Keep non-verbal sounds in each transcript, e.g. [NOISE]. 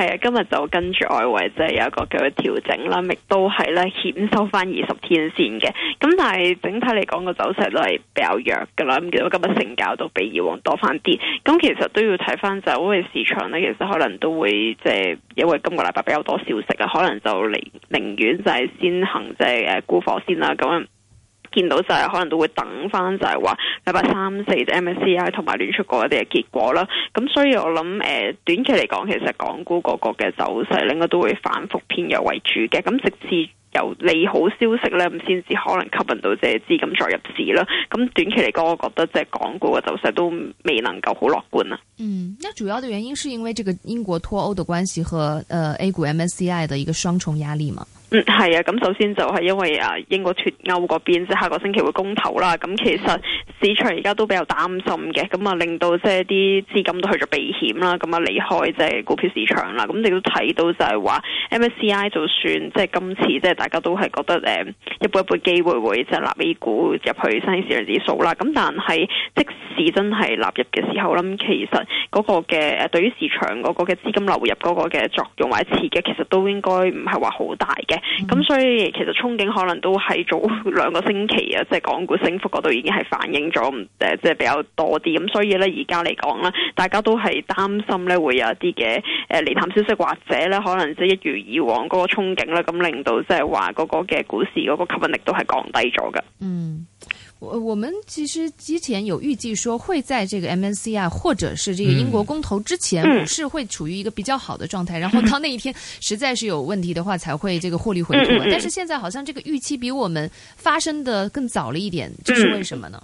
係啊，今日就跟住外圍即係有一個嘅調整啦，亦都係咧顯收翻二十天線嘅。咁但係整體嚟講個走勢都係比較弱噶啦。咁其實今日成交都比以往多翻啲，咁其實都要睇翻就因為市場咧，其實可能都會即係因為今個禮拜比較多消息啊，可能就寧寧願就係先行即係誒沽貨先啦咁啊。見到就係可能都會等翻，就係話禮拜三四即 MSCI 同埋聯儲局嗰啲嘅結果啦。咁所以我諗，誒、呃、短期嚟講，其實港股嗰個嘅走勢咧，應該都會反復偏弱為主嘅。咁直至有利好消息咧，咁先至可能吸引到即係資金再入市啦。咁短期嚟講，我覺得即係港股嘅走勢都未能夠好樂觀啊。嗯，主要的原因是因為這個英國脫歐的關係和誒、呃、A 股 MSCI 的一個雙重壓力嘛？嗯，係啊，咁首先就係因為啊英國脱歐嗰邊即係下個星期會公投啦，咁其實市場而家都比較擔心嘅，咁啊令到即係啲資金都去咗避險啦，咁啊離開即係股票市場啦，咁你都睇到就係話 MSCI 就算即係今次即係大家都係覺得誒一步一步機會會即係納 A 股入去新興市場指數啦，咁但係即使真係納入嘅時候，咁其實嗰個嘅誒對於市場嗰個嘅資金流入嗰個嘅作用或者刺激，其實都應該唔係話好大嘅。咁、嗯、所以其實憧憬可能都係早兩個星期啊，即、就、係、是、港股升幅嗰度已經係反映咗，誒即係比較多啲。咁所以咧而家嚟講啦，大家都係擔心咧會有一啲嘅誒利淡消息，或者咧可能即係一如以往嗰個憧憬咧，咁令到即係話嗰個嘅股市嗰個吸引力都係降低咗嘅。嗯。我我們其實之前有預計說會在這個 MNC 啊，或者是這個英國公投之前，股市會處於一個比較好的狀態。嗯嗯、然後到那一天實在是有問題的話，才會這個獲利回吐。嗯嗯嗯、但是現在好像這個預期比我們發生的更早了一點，這、就是為什麼呢？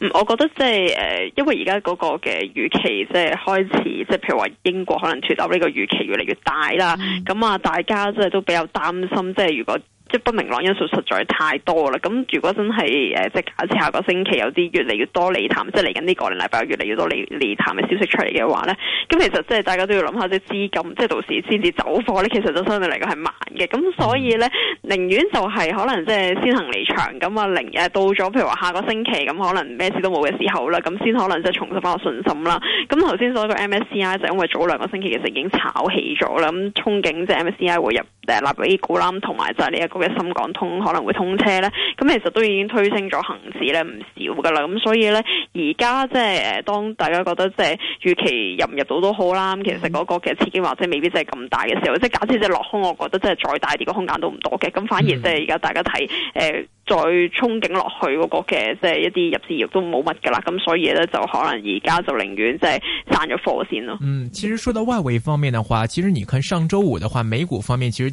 嗯，我覺得即、就、係、是呃、因為而家嗰個嘅預期即係開始，即係譬如話英國可能脫歐呢個預期越嚟越大啦。咁、嗯、啊，大家即係都比較擔心，即係如果。即不明朗因素實在太多啦，咁如果真係誒即假設下個星期有啲越嚟越多利淡，即係嚟緊呢個禮拜越嚟越多利利淡嘅消息出嚟嘅話咧，咁其實即係大家都要諗下啲資金，即係到時先至走貨咧，其實就相對嚟講係慢嘅，咁所以咧，寧願就係可能即係先行離場，咁啊寧誒到咗譬如話下個星期咁可能咩事都冇嘅時候啦，咁先可能即重拾翻個信心啦。咁頭先所講 MSCI 就因為早兩個星期其實已經炒起咗啦，咁憧憬即係 MSCI 會入。誒納入 A 股啦，同埋就係呢一個嘅深港通可能會通車咧，咁其實都已經推升咗恆指咧唔少噶啦，咁所以咧而家即係誒當大家覺得即係預期入唔入到都好啦，咁其實嗰個嘅刺激或者未必真係咁大嘅時候，即係假設即係落空，我覺得即係再大啲嘅空間都唔多嘅，咁反而即係而家大家睇誒再憧憬落去嗰個嘅即係一啲入市熱都冇乜噶啦，咁所以咧就可能而家就寧願即係散咗貨先咯。嗯，其實講到外圍方面嘅話，其實你看上週五嘅話，美股方面其實。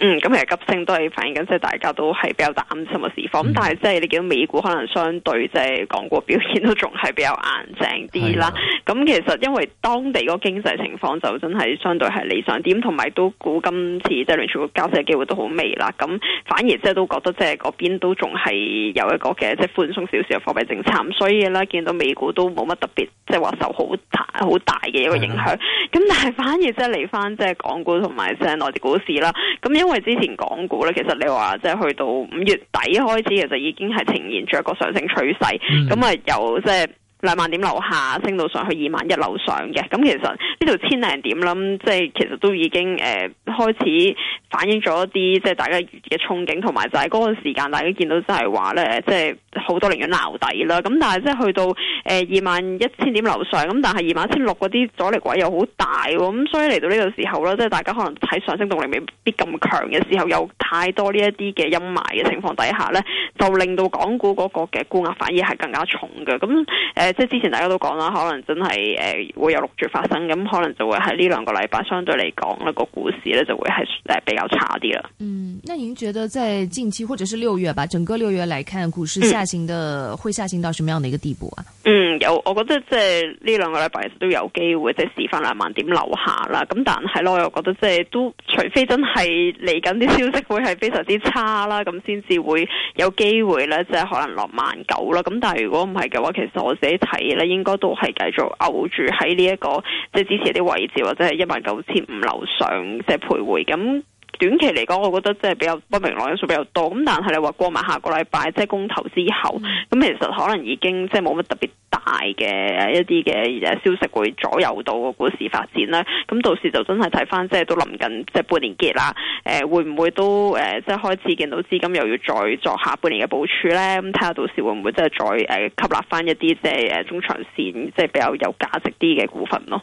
嗯，咁其實急升都係反映緊，即係大家都係比較擔心嘅市況。咁、嗯、但係即係你見到美股可能相對即係港股表現都仲係比較硬淨啲啦。咁、嗯、其實因為當地個經濟情況就真係相對係理想啲，咁同埋都估今次即係聯儲局加息嘅機會都好微啦。咁反而即係都覺得即係嗰邊都仲係有一個嘅即係寬鬆少少嘅貨幣政策，所以咧見到美股都冇乜特別即係話受好大好大嘅一個影響。咁、嗯、但係反而即係嚟翻即係港股同埋即係內地股市啦。咁因為之前港股咧，其實你話即係去到五月底開始，其實已經係呈現住一個上升趨勢，咁啊、嗯、有即係。就是兩萬點樓下升到上去二萬一樓上嘅，咁其實呢度千零點咁、嗯，即係其實都已經誒、呃、開始反映咗一啲即係大家嘅憧憬，同埋就喺嗰個時間，大家見到就係話咧，即係好多寧願撈底啦。咁但係即係去到誒、呃、二萬一千點樓上，咁但係二萬一千六嗰啲阻力位又好大喎，咁、嗯、所以嚟到呢個時候咧，即係大家可能睇上升動力未必咁強嘅時候，有太多這些的陰的呢一啲嘅陰霾嘅情況底下咧，就令到港股嗰個嘅沽壓反而係更加重嘅，咁、嗯、誒。呃即係之前大家都講啦，可能真係誒會有六絕發生，咁可能就會喺呢兩個禮拜相對嚟講呢個股市咧就會係誒比較差啲啦。嗯，那您覺得在近期或者是六月吧，整個六月來看，股市下行的會下行到什麼樣的一個地步啊？嗯，有，我覺得即係呢兩個禮拜都有機會，即係試返兩萬點樓下啦。咁但係咯，我覺得即係都除非真係嚟緊啲消息會係非常之差啦，咁先至會有機會咧，即係可能落萬九啦。咁但係如果唔係嘅話，其實我自睇咧，應該都係繼續勾住喺呢一個，即係支持啲位置，或者係一萬九千五樓上即係徘徊咁。短期嚟講，我覺得即係比較不明朗因素比較多。咁但係你話過埋下個禮拜即係公投之後，咁、嗯、其實可能已經即係冇乜特別大嘅一啲嘅消息會左右到個股市發展咧。咁到時就真係睇翻，即係都臨近即係半年結啦。誒，會唔會都誒即係開始見到資金又要再作下半年嘅部署咧？咁睇下到時會唔會即係再誒吸納翻一啲即係誒中長線即係比較有價值啲嘅股份咯。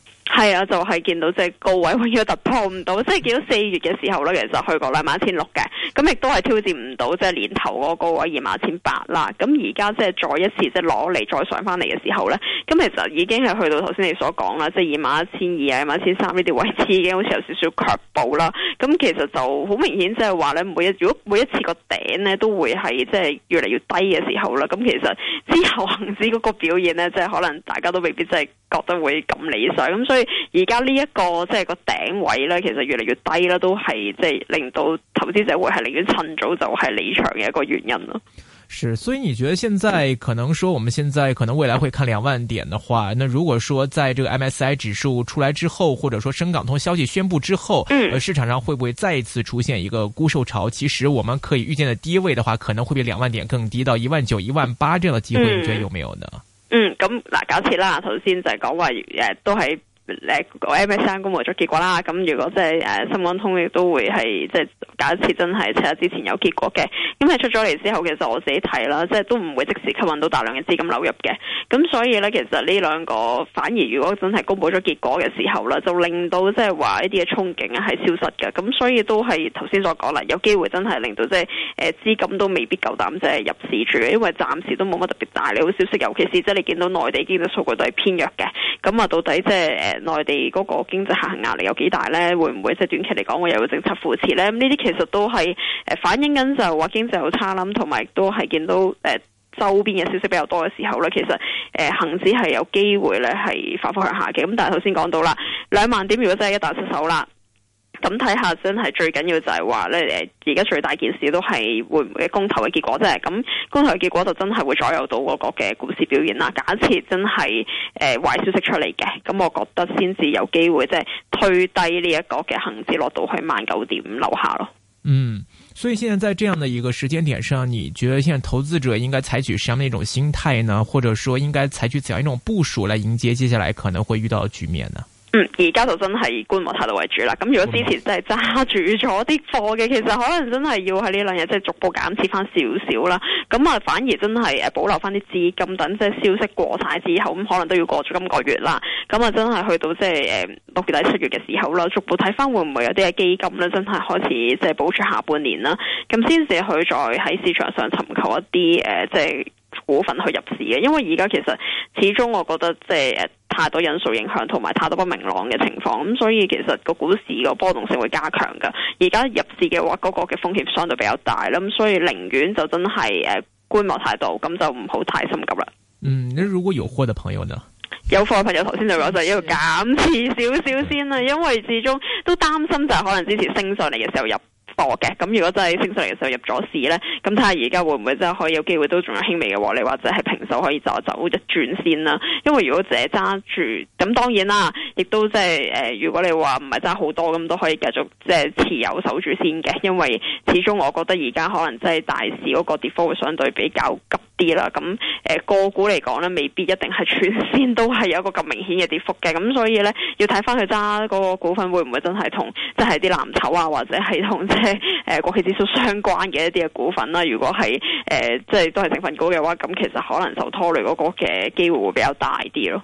係啊，就係、是、見到即係高位，永遠突破唔到，即、就、係、是、見到四月嘅時候咧，其實去過兩萬一千六嘅，咁亦都係挑戰唔到即係年頭嗰個高位二萬一千八啦。咁而家即係再一次即係攞嚟，再上翻嚟嘅時候咧，咁其實已經係去到頭先你所講啦，即係二萬一千二啊，二萬一千三呢啲位置已經好似有少少卻步啦。咁其實就好明顯即係話咧，每一如果每一次個頂咧都會係即係越嚟越低嘅時候啦。咁其實之後行指嗰個表現咧，即、就、係、是、可能大家都未必即係。覺得會咁理想，咁所以而家呢一個即係、就是、個頂位呢，其實越嚟越低啦，都係即係令到投資者會係寧願趁早就係離場嘅一個原因啦。是，所以你覺得現在可能說我們現在可能未來會看兩萬點的話，那如果說在這個 MSI 指數出來之後，或者說深港通消息宣布之後，嗯，市場上會不會再一次出現一個沽售潮？其實我們可以預見的低位的話，可能會比兩萬點更低，到一萬九、一萬八這樣的機會，嗯、你覺得有沒有呢？嗯，咁嗱，假設啦，頭先就係講話，誒，都喺。誒，M S 三、嗯、公布咗結果啦，咁如果即係誒深港通亦都會係即係假設真係前日之前有結果嘅，咁喺出咗嚟之後，其實我自己睇啦，即係都唔會即時吸引到大量嘅資金流入嘅，咁所以咧，其實呢兩個反而如果真係公布咗結果嘅時候啦，就令到即係話一啲嘅憧憬係消失嘅，咁所以都係頭先所講啦，有機會真係令到即係誒資金都未必夠膽即係入市住，因為暫時都冇乜特別大利好消息，尤其是即係你見到內地經濟數據都係偏弱嘅，咁啊到底即係誒。呃內地嗰個經濟下行壓力有幾大呢？會唔會即係、就是、短期嚟講會有政策扶持呢？咁呢啲其實都係誒反映緊就話經濟好差啦，同埋都係見到誒周邊嘅消息比較多嘅時候呢，其實誒恆指係有機會呢係反覆向下嘅。咁但係頭先講到啦，兩萬點如果真係一旦失手啦。咁睇下真係最緊要就係話咧，誒而家最大件事都係會唔會公投嘅結果啫。咁公投嘅結果就真係會左右到嗰個嘅股市表現啦。假設真係誒壞消息出嚟嘅，咁我覺得先至有機會即係推低呢一個嘅恒指落到去萬九點五樓下咯。嗯，所以現在在這樣的一個時間點上，你覺得現在投資者應該採取什麼樣嘅一種心態呢？或者說應該採取怎樣一種部署來迎接接下來可能會遇到嘅局面呢？嗯嗯，而家就真係以觀望態度為主啦。咁如果之前真係揸住咗啲貨嘅，其實可能真係要喺呢兩日即係逐步減持翻少少啦。咁啊，反而真係誒保留翻啲資金，等即係消息過晒之後，咁可能都要過咗今個月啦。咁啊，真係去到即係誒六月底七月嘅時候啦，逐步睇翻會唔會有啲嘅基金咧，真係開始即係保住下半年啦。咁先至去再喺市場上尋求一啲誒即係。呃就是股份去入市嘅。因為而家其實始終我覺得即係太多因素影響，同埋太多不明朗嘅情況，咁所以其實個股市個波動性會加強噶而家入市嘅話，嗰個嘅風險相對比較大啦，咁所以寧願就真係誒觀望態度，咁就唔好太心急啦。嗯，那如果有貨嘅朋友呢？有貨嘅朋友頭先就講就係要減持少少先啦，因為始終都擔心就係可能之前升上嚟嘅時候入。嘅，咁如果真係升上嚟嘅時候入咗市咧，咁睇下而家會唔會真係可以有機會都仲有輕微嘅獲利，或者係平手可以走一走一轉先啦。因為如果自己揸住，咁當然啦。亦都即係誒，如果你話唔係揸好多咁，都可以繼續即係、呃、持有守住先嘅，因為始終我覺得而家可能即係大市嗰個跌幅會相對比較急啲啦。咁誒、呃、個股嚟講咧，未必一定係全線都係有一個咁明顯嘅跌幅嘅。咁所以咧，要睇翻佢揸嗰個股份會唔會真係同即係啲藍籌啊，或者係同即係誒國企指數相關嘅一啲嘅股份啦、啊。如果係誒即係都係成分股嘅話，咁其實可能受拖累嗰個嘅機會會比較大啲咯。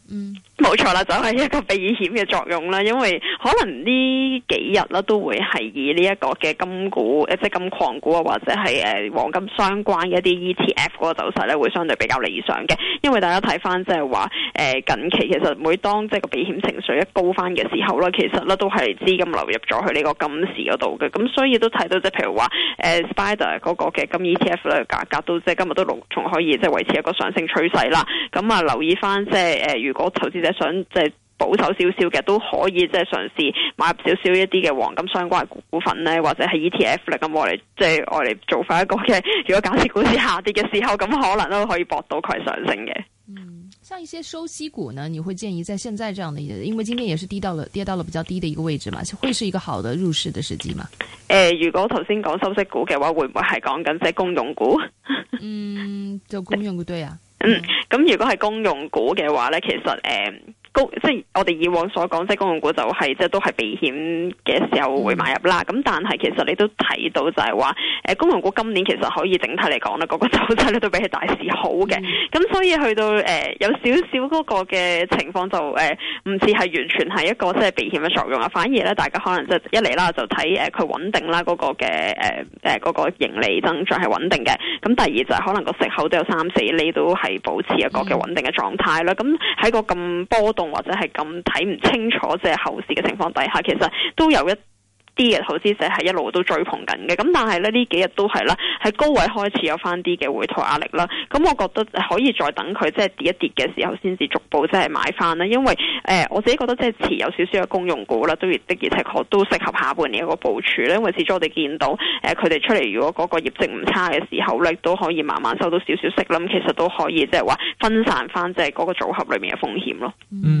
嗯，冇錯啦，就係一個避險嘅作用啦。因為可能呢幾日咧都會係以呢一個嘅金股，誒即係金礦股啊，或者係誒黃金相關嘅一啲 ETF 嗰個走勢咧，會相對比較理想嘅。因為大家睇翻即係話，誒近期其實每當即係個避險情緒一高翻嘅時候咧，其實咧都係資金流入咗去呢個金市嗰度嘅。咁所以都睇到即係譬如話，誒 Spider 嗰個嘅金 ETF 咧價格都即係今日都仲可以即係維持一個上升趨勢啦。咁啊留意翻即係誒如果。我投資者想即係保守少少嘅，都可以即係嘗試買入少少一啲嘅黃金相關股份咧，或者係 ETF 嚟，咁我哋，即係我哋做翻一個嘅。如果假設股市下跌嘅時候，咁可能都可以搏到佢上升嘅。嗯，像一些收息股呢，你會建議在現在這樣嘅，因為今天也是跌到了跌到了比較低嘅一個位置嘛，會是一個好的入市的時機嘛。誒、呃，如果頭先講收息股嘅話，會唔會係講緊即公用股？嗯，就公用股對啊。嗯，咁如果係公用股嘅話咧，其實誒。嗯即係我哋以往所講，即係公用股就係、是、即係都係避險嘅時候會買入啦，咁、嗯、但係其實你都睇到就係話誒公用股今年其實可以整體嚟講呢嗰個走勢咧都比起大市好嘅，咁、嗯、所以去到誒、呃、有少少嗰個嘅情況就誒唔似係完全係一個即係避險嘅作用啊，反而咧大家可能即係一嚟啦就睇誒佢穩定啦，嗰、那個嘅誒誒個盈利增長係穩定嘅，咁第二就係可能個息口都有三四厘都係保持一個嘅穩定嘅狀態啦，咁喺個咁波動。或者係咁睇唔清楚即係後市嘅情況底下，其實都有一啲嘅投資者係一路都追捧緊嘅，咁但係咧呢幾日都係啦，喺高位開始有翻啲嘅回吐壓力啦。咁我覺得可以再等佢即係跌一跌嘅時候，先至逐步即係買翻啦。因為誒我自己覺得即係持有少少嘅公用股啦，都的而且確都適合下半年一個部署咧。因為始終我哋見到誒佢哋出嚟，如果嗰個業績唔差嘅時候咧，都可以慢慢收到少少息啦。咁其實都可以即係話分散翻即係嗰個組合裏面嘅風險咯。嗯。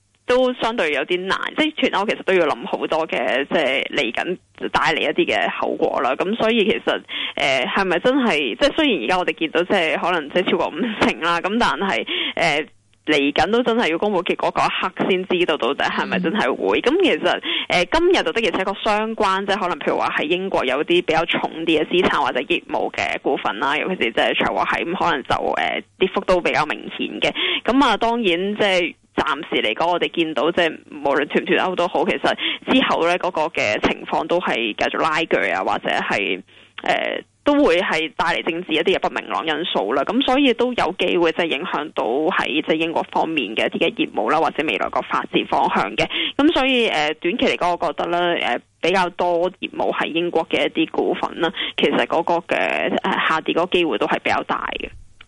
都相對有啲難，即係脫歐其實都要諗好多嘅，即係嚟緊帶嚟一啲嘅後果啦。咁所以其實誒，係、呃、咪真係？即係雖然而家我哋見到即係可能即係超過五成啦，咁但係誒嚟緊都真係要公佈結果嗰一刻先知道到底係咪真係會。咁、嗯、其實誒、呃、今日就的而且確相關，即係可能譬如話喺英國有啲比較重啲嘅資產或者業務嘅股份啦，尤其是即係除咗係咁，可能就誒、呃、跌幅都比較明顯嘅。咁啊，當然即係。暫時嚟講，我哋見到即係無論脱唔脱歐都好，其實之後咧嗰個嘅情況都係繼續拉鋸啊，或者係誒、呃、都會係帶嚟政治一啲嘅不明朗因素啦。咁所以都有機會即係影響到喺即係英國方面嘅一啲嘅業務啦，或者未來個發展方向嘅。咁所以誒、呃、短期嚟講，我覺得咧誒比較多業務係英國嘅一啲股份啦，其實嗰個嘅、呃、下跌嗰個機會都係比較大嘅。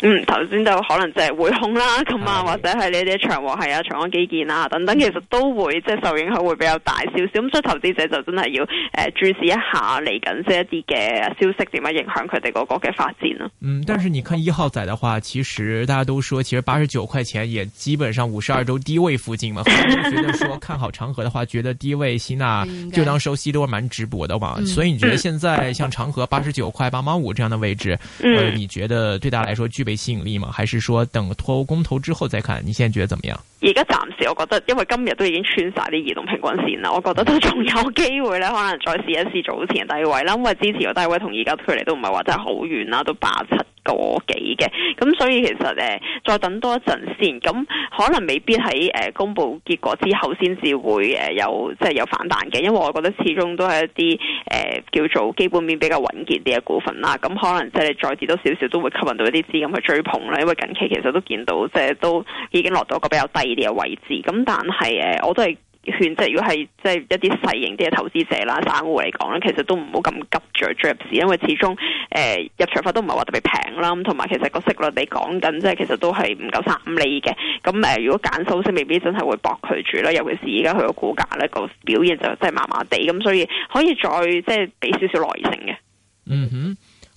嗯，頭先就可能就係匯控啦，咁啊，或者係呢啲長和系啊，長江基建啊，等等，其實都會即係、就是、受影響會比較大少少，咁所以投資者就真係要誒注視一下嚟緊些一啲嘅消息點樣影響佢哋嗰個嘅發展咯。嗯，但是你看一號仔嘅話，其實大家都說，其實八十九塊錢也基本上五十二周低位附近嘛，覺得說看好長和的話， [LAUGHS] 覺得低位吸納、嗯、就當收息都係蠻值博的嘛，嗯、所以你覺得現在像長和八十九塊八毛五這樣的位置，或者、嗯呃、你覺得對大家來說被吸引力嗎？還是說等脫歐公投之後再看？你現在覺得怎麼樣？而家暫時我覺得，因為今日都已經穿晒啲移動平均線啦，我覺得都仲有機會咧，可能再試一試早前嘅低位啦。因為之前個低位同而家距離都唔係話真係好遠啦，都八七多幾嘅，咁所以其實咧，再等多一陣先，咁可能未必喺誒公布結果之後才，先至會誒有即係有反彈嘅，因為我覺得始終都係一啲誒、呃、叫做基本面比較穩健啲嘅股份啦，咁可能即係再跌多少少，都會吸引到一啲資金去追捧啦，因為近期其實都見到即係、就是、都已經落到一個比較低啲嘅位置，咁但係誒，我都係。勸即係如果係即係一啲細型啲嘅投資者啦，散戶嚟講咧，其實都唔好咁急著進入市，因為始終誒、呃、入場費都唔係話特別平啦，咁同埋其實個息率你講緊即係其實都係唔夠三厘嘅，咁誒如果揀收息，未必真係會搏佢住啦，尤其是而家佢個股價咧，個表現就真係麻麻地，咁所以可以再即係俾少少耐性嘅。嗯哼。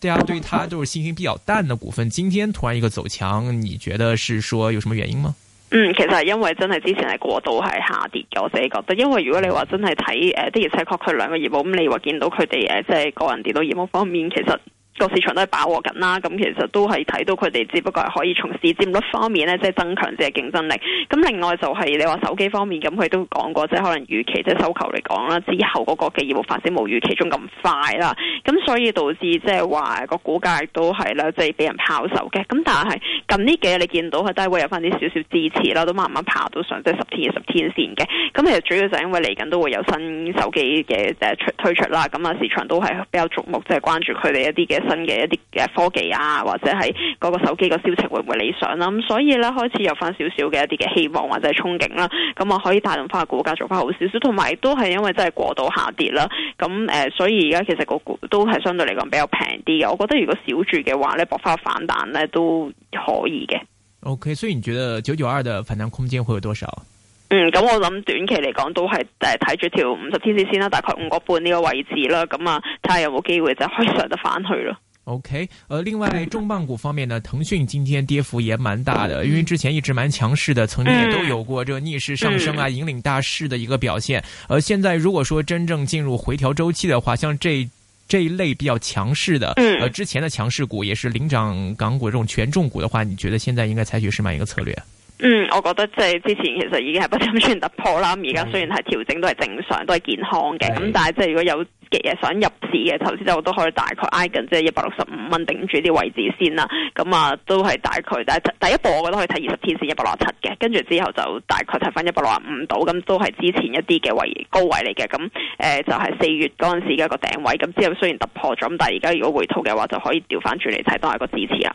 大家對他都是信心比較淡的股份，今天突然一個走強，你覺得是說有什麼原因嗎？嗯，其實係因為真係之前係過度係下跌嘅，我自己覺得，因為如果你話真係睇誒，的而且確佢兩個業務，咁、嗯、你話見到佢哋誒，即、呃、係個人跌到業務方面，其實。個市場都係飽和緊啦，咁其實都係睇到佢哋，只不過係可以從市佔率方面咧，即係增強自己競爭力。咁另外就係你話手機方面，咁佢都講過，即係可能預期即係收購嚟講啦，之後嗰個嘅業務發展冇預期中咁快啦。咁所以導致即係話個股價亦都係啦即係俾人拋售嘅。咁但係近呢幾日你見到佢低位有翻啲少少支持啦，都慢慢爬到上即係十天十天線嘅。咁其實主要就係因為嚟緊都會有新手機嘅推出啦，咁啊市場都係比較矚目，即係關注佢哋一啲嘅。新嘅一啲嘅科技啊，或者係嗰個手機個銷情會唔會理想啦、啊？咁所以咧，開始有翻少少嘅一啲嘅希望或者係憧憬啦，咁啊可以帶動翻個股價做翻好少少，同埋都係因為真係過度下跌啦。咁誒、呃，所以而家其實個股都係相對嚟講比較平啲嘅。我覺得如果少住嘅話咧，博翻反彈咧都可以嘅。OK，所以你覺得九九二嘅反彈空間會有多少？嗯，咁我諗短期嚟講都係誒睇住條五十天線先啦，大概五個半呢個位置啦，咁啊睇下有冇機會就可以上得翻去咯。OK，呃另外重磅股方面呢，騰訊今天跌幅也蠻大的，因為之前一直蠻強勢的，曾經也都有過這個逆市上升啊，引領大市的一個表現。而、呃、現在如果說真正進入回調周期的話，像這這一類比較強勢的，呃之前的強勢股，也是領漲港股這種權重股的話，你覺得現在應該採取是咩一個策略？嗯，我覺得即係之前其實已經係不斷穿突破啦，而家雖然係調整都係正常，都係健康嘅。咁的但係即係如果有嘅嘢想入市嘅投資者，頭先我都可以大概挨近即係一百六十五蚊頂住啲位置先啦。咁啊，都係大概，但係第一步我覺得可以睇二十天線一百六十七嘅，跟住之後就大概睇翻一百六十五度，咁都係之前一啲嘅位高位嚟嘅。咁誒，就係四月嗰陣時嘅一個頂位，咁之後雖然突破咗，咁但係而家如果回吐嘅話，就可以調翻轉嚟睇，都係一個支持啊。